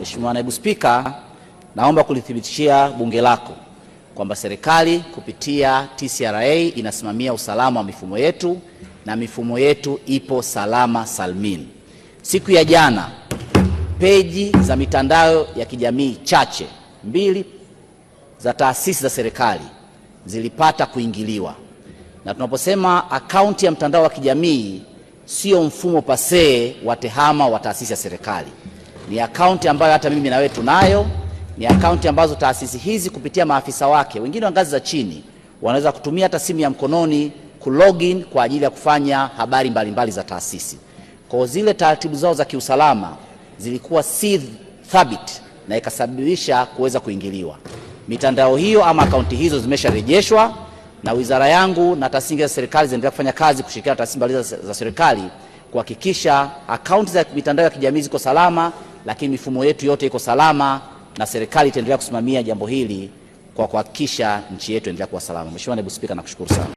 Mheshimiwa Naibu Spika, naomba kulithibitishia bunge lako kwamba serikali kupitia TCRA inasimamia usalama wa mifumo yetu na mifumo yetu ipo salama salmin. Siku ya jana peji za mitandao ya kijamii chache mbili za taasisi za serikali zilipata kuingiliwa, na tunaposema akaunti ya mtandao wa kijamii sio mfumo pasee wa tehama wa taasisi ya serikali. Ni akaunti ambayo hata mimi na wewe tunayo, ni akaunti ambazo taasisi hizi kupitia maafisa wake wengine wa ngazi za chini wanaweza kutumia hata simu ya mkononi kulogin kwa ajili ya kufanya habari mbalimbali mbali za taasisi. Kwa zile taratibu zao za kiusalama zilikuwa si thabiti na ikasababisha kuweza kuingiliwa. Mitandao hiyo ama akaunti hizo zimesharejeshwa na wizara yangu na taasisi za serikali zinaendelea kufanya kazi kushirikiana na taasisi mbalimbali za serikali kuhakikisha akaunti za mitandao ya kijamii ziko salama lakini mifumo yetu yote iko salama na serikali itaendelea kusimamia jambo hili kwa kuhakikisha nchi yetu inaendelea kuwa salama. Mheshimiwa Naibu Spika, nakushukuru sana.